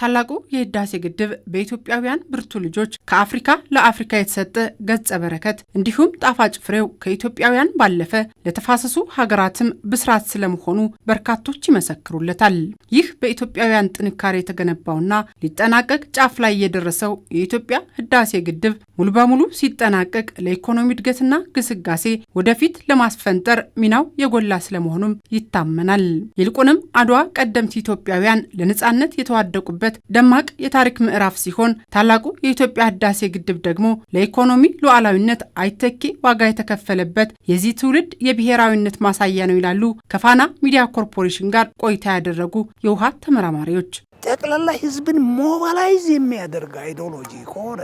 ታላቁ የህዳሴ ግድብ በኢትዮጵያውያን ብርቱ ልጆች ከአፍሪካ ለአፍሪካ የተሰጠ ገጸ በረከት እንዲሁም ጣፋጭ ፍሬው ከኢትዮጵያውያን ባለፈ ለተፋሰሱ ሀገራትም ብስራት ስለመሆኑ በርካቶች ይመሰክሩለታል። ይህ በኢትዮጵያውያን ጥንካሬ የተገነባውና ሊጠናቀቅ ጫፍ ላይ የደረሰው የኢትዮጵያ ህዳሴ ግድብ ሙሉ በሙሉ ሲጠናቀቅ ለኢኮኖሚ እድገትና ግስጋሴ ወደፊት ለማስፈንጠር ሚናው የጎላ ስለመሆኑም ይታመናል። ይልቁንም አድዋ ቀደምት ኢትዮጵያውያን ለነፃነት የተዋደቁበት የተገለጸበት ደማቅ የታሪክ ምዕራፍ ሲሆን ታላቁ የኢትዮጵያ ህዳሴ ግድብ ደግሞ ለኢኮኖሚ ሉዓላዊነት አይተኬ ዋጋ የተከፈለበት የዚህ ትውልድ የብሔራዊነት ማሳያ ነው ይላሉ ከፋና ሚዲያ ኮርፖሬሽን ጋር ቆይታ ያደረጉ የውሃ ተመራማሪዎች። ጠቅላላ ህዝብን ሞባላይዝ የሚያደርግ አይዲዮሎጂ ከሆነ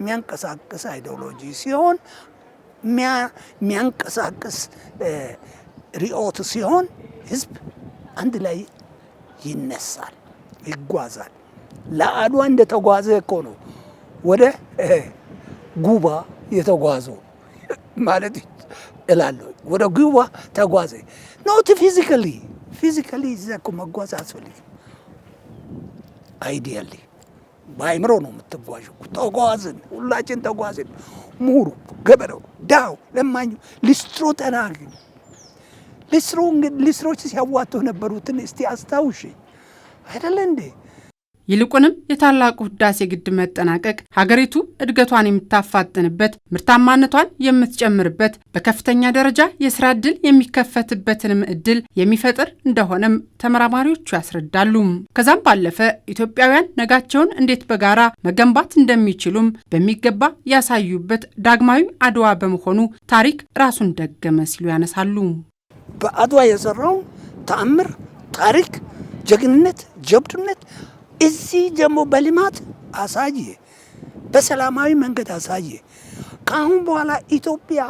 የሚያንቀሳቅስ አይዲዮሎጂ ሲሆን የሚያንቀሳቅስ ሪኦት ሲሆን ህዝብ አንድ ላይ ይነሳል። ይጓዛል። ለአድዋ እንደተጓዘ እኮ ነው ወደ ጉባ የተጓዘው ማለት እላለሁ። ወደ ጉባ ተጓዘ ኖት ፊዚካሊ ፊዚካሊ እዛ እኮ መጓዝ አስፈልግም። አይዲያሊ በአይምሮ ነው የምትጓዡ። ተጓዝን፣ ሁላችን ተጓዝን። ምሁሩ፣ ገበሬው፣ ዳው፣ ለማኙ፣ ሊስትሮ ጠራጊ ሊስትሮች ሲያዋጡ ነበሩትን እስቲ አስታውሽ። አይደለ እንዴ? ይልቁንም የታላቁ ህዳሴ ግድብ መጠናቀቅ ሀገሪቱ እድገቷን የምታፋጥንበት፣ ምርታማነቷን የምትጨምርበት፣ በከፍተኛ ደረጃ የስራ ዕድል የሚከፈትበትንም እድል የሚፈጥር እንደሆነም ተመራማሪዎቹ ያስረዳሉ። ከዛም ባለፈ ኢትዮጵያውያን ነጋቸውን እንዴት በጋራ መገንባት እንደሚችሉም በሚገባ ያሳዩበት ዳግማዊ አድዋ በመሆኑ ታሪክ ራሱን ደገመ ሲሉ ያነሳሉ። በአድዋ የሰራው ተአምር ታሪክ ጀግንነት ጀብዱነት እዚህ ደግሞ በልማት አሳየ፣ በሰላማዊ መንገድ አሳየ። ከአሁን በኋላ ኢትዮጵያ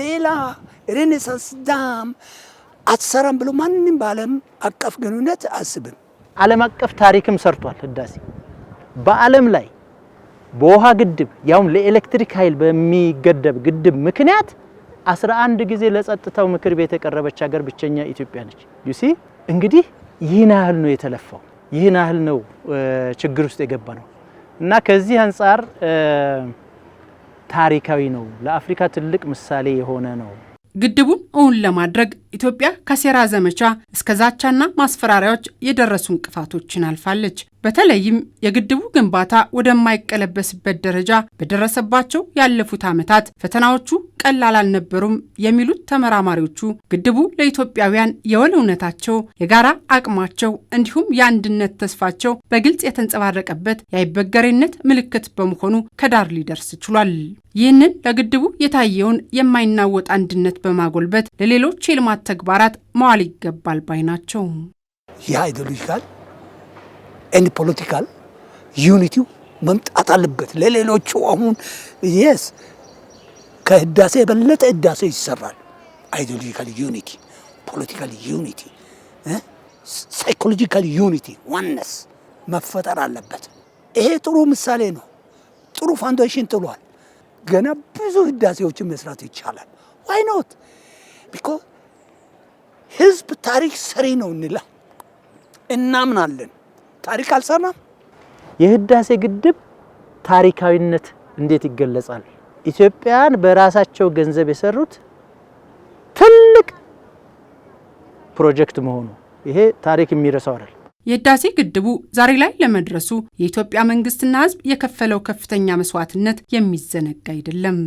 ሌላ ሬኔሳንስ ዳም አትሰራም ብሎ ማንም በዓለም አቀፍ ግንኙነት አስብም። ዓለም አቀፍ ታሪክም ሰርቷል ህዳሴ በዓለም ላይ በውሃ ግድብ ያውም ለኤሌክትሪክ ኃይል በሚገደብ ግድብ ምክንያት 11 ጊዜ ለጸጥታው ምክር ቤት የቀረበች ሀገር ብቸኛ ኢትዮጵያ ነች። ዩሲ እንግዲህ ይህን ያህል ነው የተለፋው፣ ይህን ያህል ነው ችግር ውስጥ የገባ ነው እና ከዚህ አንጻር ታሪካዊ ነው። ለአፍሪካ ትልቅ ምሳሌ የሆነ ነው። ግድቡን እውን ለማድረግ ኢትዮጵያ ከሴራ ዘመቻ እስከ ዛቻና ማስፈራሪያዎች የደረሱ እንቅፋቶችን አልፋለች። በተለይም የግድቡ ግንባታ ወደማይቀለበስበት ደረጃ በደረሰባቸው ያለፉት ዓመታት ፈተናዎቹ ቀላል አልነበሩም የሚሉት ተመራማሪዎቹ ግድቡ ለኢትዮጵያውያን የወል እውነታቸው፣ የጋራ አቅማቸው እንዲሁም የአንድነት ተስፋቸው በግልጽ የተንጸባረቀበት የአይበገሬነት ምልክት በመሆኑ ከዳር ሊደርስ ችሏል። ይህንን ለግድቡ የታየውን የማይናወጥ አንድነት በማጎልበት ለሌሎች የልማት ተግባራት መዋል ይገባል ባይ ናቸው። ይህ አይዲዮሎጂካል ኤንድ ፖለቲካል ዩኒቲው መምጣት አለበት። ለሌሎቹ አሁን የስ ከህዳሴ የበለጠ ህዳሴ ይሰራል። አይዲዮሎጂካል ዩኒቲ፣ ፖለቲካል ዩኒቲ፣ ሳይኮሎጂካል ዩኒቲ ዋነስ መፈጠር አለበት። ይሄ ጥሩ ምሳሌ ነው። ጥሩ ፋውንዴሽን ጥሏል። ገና ብዙ ህዳሴዎችን መስራት ይቻላል። ዋይ ኖት ቢኮ ህዝብ ታሪክ ሰሪ ነው እንላ እናምናለን። ታሪክ አልሰራም። የህዳሴ ግድብ ታሪካዊነት እንዴት ይገለጻል? ኢትዮጵያን በራሳቸው ገንዘብ የሰሩት ትልቅ ፕሮጀክት መሆኑ ይሄ ታሪክ የሚረሳው አይደል። የህዳሴ ግድቡ ዛሬ ላይ ለመድረሱ የኢትዮጵያ መንግስትና ህዝብ የከፈለው ከፍተኛ መስዋዕትነት የሚዘነጋ አይደለም።